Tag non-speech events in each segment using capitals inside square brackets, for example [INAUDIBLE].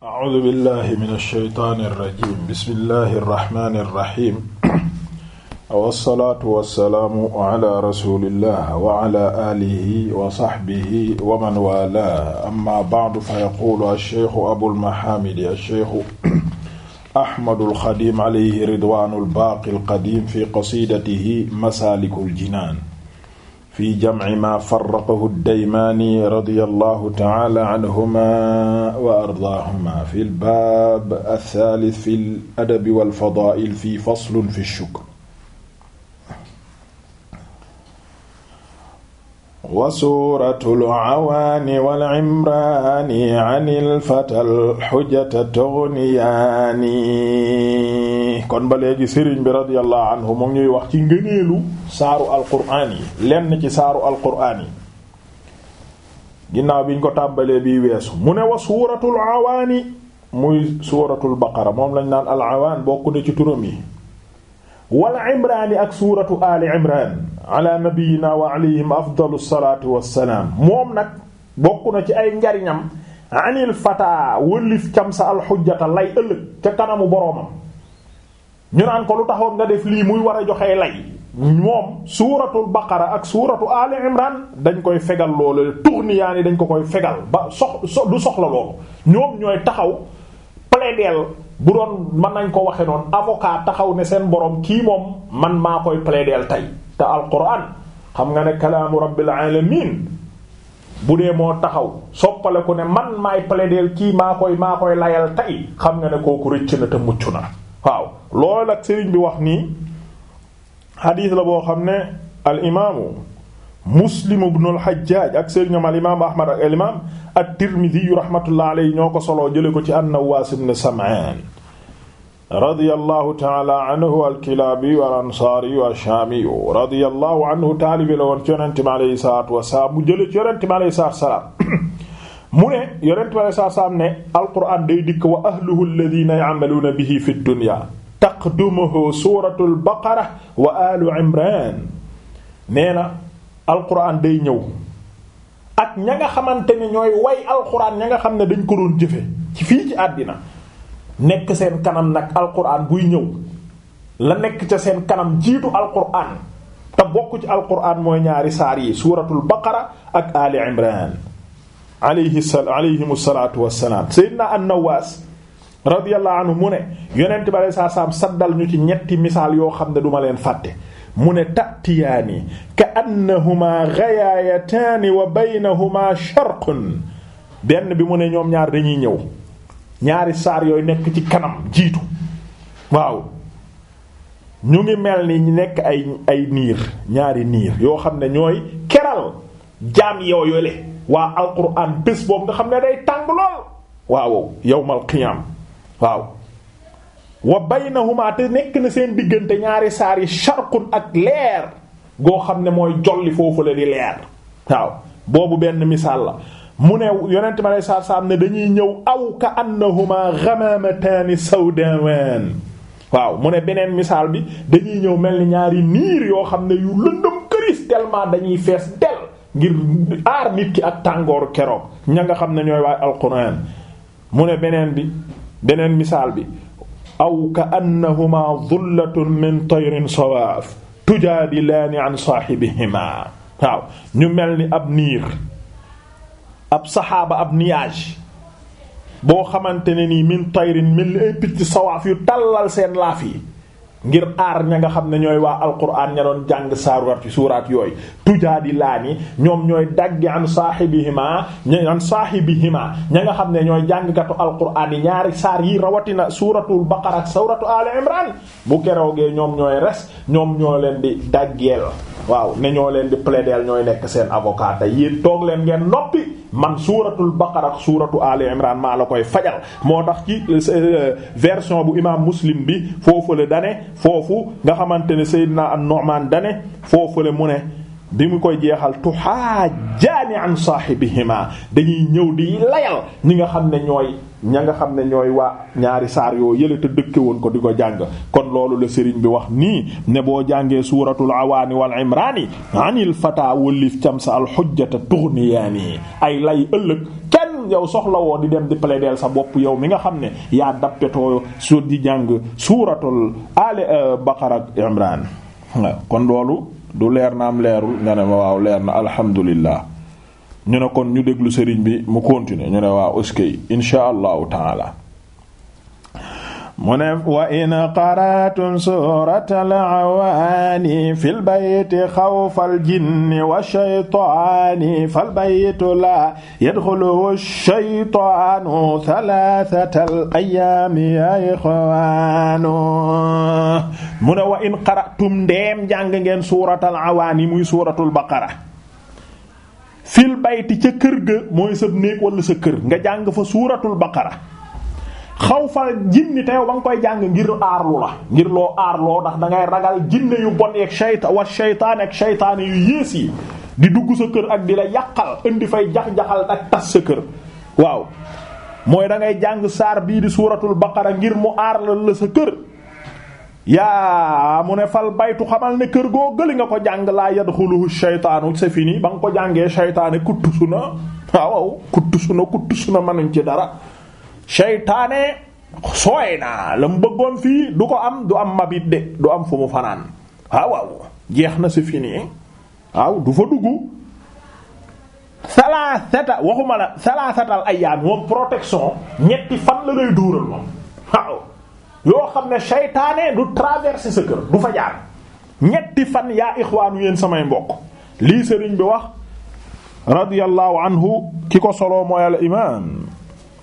A'uuzu billaahi mina shaytaani rajiim bismillaahi rahmaani rahiim wassalaatu [CLEARS THROAT] wassalaamu alaa rasuulillaah wa alaa aalihi wa sahbihi wa man waalaahu ammaa ba'du fa yaquulu ash-shaykhu abul mahaamidi ash-shaykhu [CLEARS THROAT] Ahmadul Xadiim alayhi ridwaanul baaqil qadiim fi qasiidatihi masaalikul jinaan fi jamci maa farraqahu daymaani radiyallahu ta'ala anhumaa wa ardaahumaa fil baab asaalis fil adabi wal fadaa'il fii faslun fi shukr wa suuratul awaani wal imraani anil fatal xujjata tughniyaani kon ba léegi sëriñ bi radiyallahu anhu ñuy wax ci ngëneelu saaru alqur'aan yi lenn ci saaru alqur'aan yi ginnaaw biñ ko tàmbalee biy weesu mu ne wa suuratul awaani muy moom lañ naan al awaan bokk ci turam yi ak suuratu aali imraan ala nabiyyina wa alayhim afdalu salaatu wassalaam moom nag bokk na ci ay njariñam anil fata wëllif cam sa alxujjata lay ëllëg ca kanamu boroomam ñu naan ko lu taxoon nga def lii muy war a joxe lay moom suuratu baqara ak suuratu ali imran dañ koy fegal loolu tuxniyaan yi dañ ko koy fegal ba sox du soxla loolu ñoom ñooy taxaw plaideel bu doon mën nañ ko waxe noon avocat taxaw ne seen boroom kii moom man maa koy plaideel tey te alquran xam nga ne kalaamu rabbil alamin bu dee moo taxaw soppale ku ne man maay plaider kii maa koy maa koy layal tey xam nga ne kooku rëcc na te mucc na waaw loolu ak sëriñ bi wax nii xadiis la boo xam ne al imaamu muslim ibn al hajjaj ak sëriñam al imaam ahmad ak al imaam at-tirmidhi rahmatullah alayhi ñoo ko solo jële ko ci an-nawaas ibn sam'aan radiyallahu taala anhu alkilaabiyu al ansaariyu alshaamiyu radiyallahu anhu taalibi la woon ci yonente bi aleyhi salaatu wasalaam mu jële ci yonente bi aleyhi salaatu wasalaam [COUGHS] mu ne yonente bi aleyhi salaatu wasalaam ne alquraan day dikk wa ahluhu alladina ya'maluuna bihi fi dunya taqdumuhu suuratu albaqara wa alu imran nee na alquraan day ñëw ak ña nga xamante ne ñooy way alquraan ña nga xam ne dañ ko doon jëfe ci nekk seen kanam nag alquran buy ñëw la nekk ca seen kanam jiitu alquran te bokk ci alquran mooy ñaari saar yi suuratul baqara ak ali imran alayhi alayhim salaatu wassalaam sayyidina an mu ne yonent bi alei saatu saddal ñu ci ñetti misaal yoo xam ne duma leen fàtte mu ne tatiyaani ka annahuma gayaayataani wa baynahuma sharqun benn bi mu ne ñoom ñaari dañuy ñëw ñaari saar yooy nekk ci kanam jiitu waaw ñu ngi mel ni ñu nekk ay ay niir ñaari niir yoo xam ne ñooy keral jaam yooyu le waa alquran bés boobu nga xam ne day tàng lool waaw yawmal qiyaam waaw wa baynahuma te nekk na seen diggante ñaari saar yi sharqun ak leer goo xam ne mooy jolli foofu la di leer waaw boobu benn misaal la mu ne yonent ma lay saar saam ne dañuy ñëw aw ka annahuma ghamamatan sawdawan waaw mu ne beneen misaal bi dañuy ñëw mel ni ñaari niir yoo xam ne yu lëndëm këris tellement dañuy fees del ngir aar nit ki ak tàngooru keroog ña nga xam ne ñooy waay alquran mu ne beneen bi beneen misaal bi aw ka annahuma dhullatun min tayrin sawaaf tujaadilaani an saahibihima waaw ñu mel ni ab niir ab saxaaba ab nuage boo xamante ne nii min tayrin mel ni ay picc sawaaf yu tallal seen laaf ngir aar ña nga xam ne ñooy waa alquran ña doon jàng saarurat ci suuraat yooyu tujaadi laani ñoom ñooy daggi an saahibihima ña an saahibihima ña nga xam ne ñooy jàngkatu alquran yi ñaari saar yi rawatina suuratul baqara suuratu ali imran bu keroogee ñoom ñooy res ñoom ñoo leen di daggeel waaw ne ñoo leen di plaider ñooy nekk seen avocat te yéen toog leen ngeen man suuratul baqara suuratu ali imran maa la koy fajal moo tax ci euh, euh, version bu imaam muslim bi foofu la dane foofu nga xamante ne sayyidina an-nu'man dane foofu la mu ne bi mu koy jeexal tuhaajaani an saahibihima dañuy ñëw di layal ñi nga xam ne ñooy ña nga xam ne ñooy waa ñaari saar yoo yële te dëkke woon ko di ko jàng kon loolu la sëriñ bi wax nii ne boo jàngee suuratul awaani wal imraani anil fata wëllif cam sa al xujjata ay lay ëllëg kenn yow soxla woo di dem di plaider sa bopp yow mi nga xam ne yaa dappetoo su di jàng suuratul ale euh, baqara ak imraan kon loolu du leer na am leerul nga waaw leer na alhamdulillah ñu ne kon ñu déglu sëriñ bi mu continuer ñu ne waa uskay insha allahu taala mu ne wa in qaraatum surata alawaani fi lbayti xawfa aljinni walshaytaani falbaytu laa yadxuluhu lshaytaanu thalathata al ayaami ya mu ne wa in qaraatum ndeem jàng ngeen surata alawaani muy suratul baqara fil bayti ca kër ga mooy sa néeg wala sa kër nga jàng fa suuratul baqara xaw fa jinni te ba nga koy jàng ngir aarlu la ngir loo aarloo ndax dangay ragal jinne yu bon yeeg shayta wa shaytaan ak shaytaan yu yées yi di dugg sa kër ak di la yàqal indi fay jax-jaxal ak tas sa kër waaw mooy da jàng saar bii di suuratul baqara ngir mu aarlal la sa kër yaa mu ne fal baytu xamal ne kër goo gëli nga ko jàng laa yadxuluhu shaytaanu c'est fini ba nga ko jàngee shaytaane kuttu su na waaw kuttu su na kuttu su na mënuñ ci dara shaytaane sooy naa la mu bëggoon fii du ko am du am mabit de du am fu mu fanaan waaw jeex na c'est fini waaw du fa dugg salaasata waxuma la ay ayyaam moom protection ñetti fan la lay duural moom yoo xam ne seytaane du traverser sa kër du fa jaar ñetti fan yaa ixwaanu yéen samay mbokk lii sëriñ bi wax radiyallahu anhu ki ko soloo mooy al imam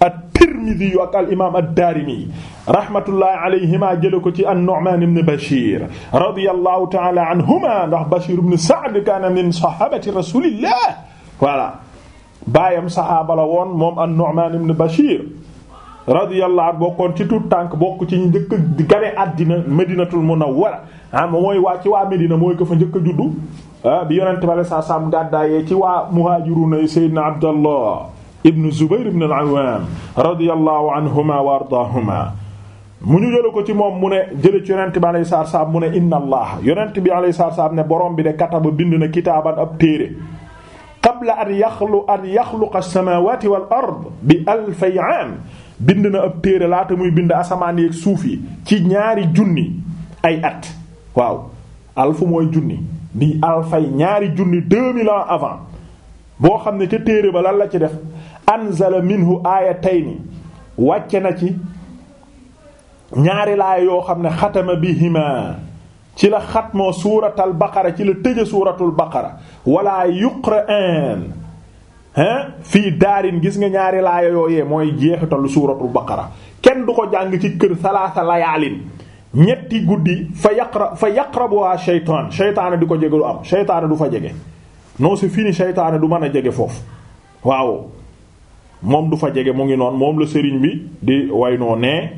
at-Tirmidhi yu ak al imam ad-Daarimi rahmatullahi alayhima jële ko ci an-Nu'man ibn Bashir radiyallahu ta'ala anhuma ndax Bashir ibn Sa'd kaana min sahabati rasulillah voilà baayam sahaaba la woon moom an-Nu'man ibn Bashir radiyallahu anhu bokkoon ci tuut tànk bokk ci njëkk a gane àddina Medinatul Munawwara ah mooy waa ci waa Medina mooy ko fa njëkk a juddu ah bi yonent bi saa saam gàddaayee ci waa muhaajiruuna Seydina Abdallah ibn Zubayr ibn al-Awwam radiyallahu anhuma wa ardaahuma mu ñu jële ko ci moom mu ne jële ci yonent bi alayhi salaatu salaam mu ne inna allah yonent bi alayhi salaatu ne borom bi de kataba bind na kitaaban ab téere qabla an yaxlu an yaxluqa as-samaawaati wal ard bi alfi bind na ab téere laata muy bind asamaan yeeg suuf yi ci ñaari junni ay at waaw alfu mooy junni di alfay ñaari junni deux mille avant boo xam ne ca téere ba lan la ci def anzala minhu aayatayni wàcce na ci ñaari laay yoo xam ne xatama bihima ci la xatmo suuratal baqara ci la tëje suuratul baqara wala yuqra'an fii daarin gis nga ñaari laaya yooyee mooy jeexitalu suuratul baqara kenn du ko jàng ci kër salaasa layaalin ñetti guddi fa yaqra fa yaqrabuha shaytaan shaytaana di ko jege lu am shaytaana du fa jege si c'est fini shaytaana du mën a jege foofu waaw moom du fa jege mu ngi noonu moom la sëriñ bi di way noo nee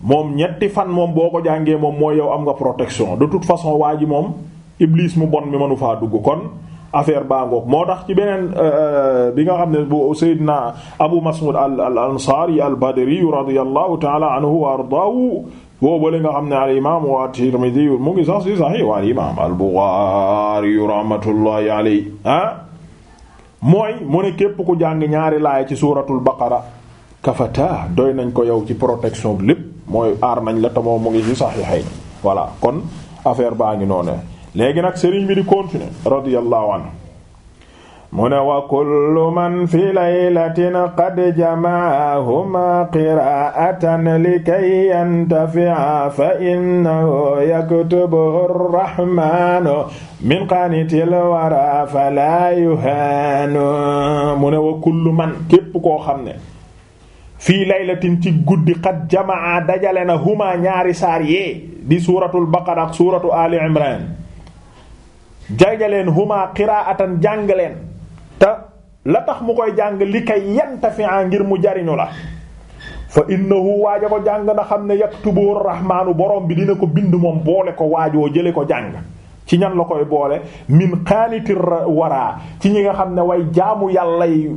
moom ñetti fan moom boo ko jàngee moom mooy yow am nga protection de toute façon waa ji moom iblis mu bon mi mënu faa dugg kon affaire bangoog moo tax ci beneen euh, euh, bi nga xam ne bu Seydina Abu Mas'ud al al al badri radiyallahu ta'ala anhu wa ardaahu boobu li nga xam ne al imaam wa Tirmidhi mu ngi sax ci Sahih wa al imaam al Bukhari rahmatullahi alayhi ah mooy mu ne képp ku jàng ñaari laay ci suuratul baqara kafata doy nañ ko yow ci protection bi lépp mooy aar nañ la tamoo mu ngi ci Sahih voilà kon affaire baa ngi noonu léegi nag sëriñ bi di continuer radiyallahu anhu mu ne wa kullu man fi laylatin qad jamaahuma qiraatan likay yantafi'a fa innahu yaktubuhu arrahmanu min qanitil wara fala yuhaanu mu ne wa kullu man képp koo xam ne fii laylatin ci guddi qad jamaa dajale na huma ñaari saar yee di suuratul baqara ak suuratu ali imran jagaleen huma qiraatan jàng leen te la tax mu koy jàng li kay yantafi'a ngir mu jariñu la fa innahu waaja ko jàng na xam ne yaktubu rahmaanu borom bi dina ko bind moom boole ko waajoo jële ko jàng ci ñan la koy boole min xaanitir waraa ci ñi nga xam ne way jaamu yàlla yi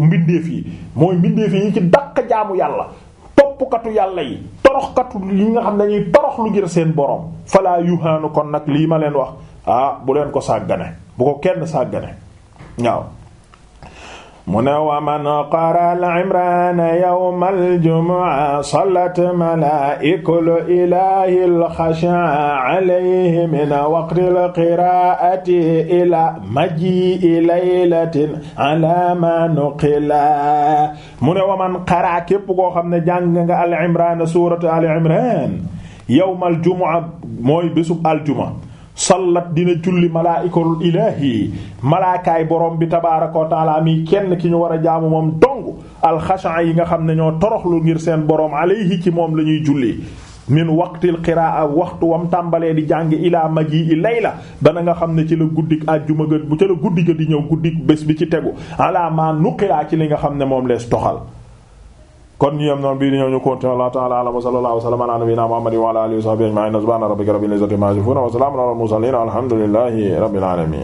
mbindeef yi mooy mbindeef yi ñi ci daq jaamu yàlla toppkatu yàlla yi toroxkatu yi nga xam ne dañuy torox lu ngir seen borom falaa yuhaanu kon nag lii ma leen wax ah bu leen ko sàggane bu ko kenn sàggane waaw mu ne wa man qara al-Imrana yawma al-jumu'a salat malaa'ikatu ilahi al-khasha'a alayhi min waqti al-qira'ati ila maji'i laylatin ala ma nuqila mu ne wa man qara képp koo xam ne jàng nga al-Imrana suratu al-Imran yawma al-jumu'a mooy bésub aljuma sallat dina julli malaa'ikatul yi malaakaay borom bi tabaaraka wa taala mi kenn ki ñu war a jaamu moom dong alxashan yi nga xam ne ñoo toroxlu ngir seen borom alayhi ci moom la ñuy julli. min waqtil qiraa waxtu wam tàmbalee di jàng ilaa maji i layla dana nga xam ne ci la guddik àjjuma ga bu ca la guddi ga di ñëw guddi bés bi ci tegu alaa maa nuqiraa ci li nga xam ne moom lees toxal kon ñu yem noonu bii di ñëw ñu continuer Allah ta'ala a'lam wa sallallahu alayhi wa sallam ala nabiyyina Muhammadin wa ala alihi wa sahbihi ajma'in subhana rabbika rabbil izzati amma yasifun wa salamun ala al mursalin alamin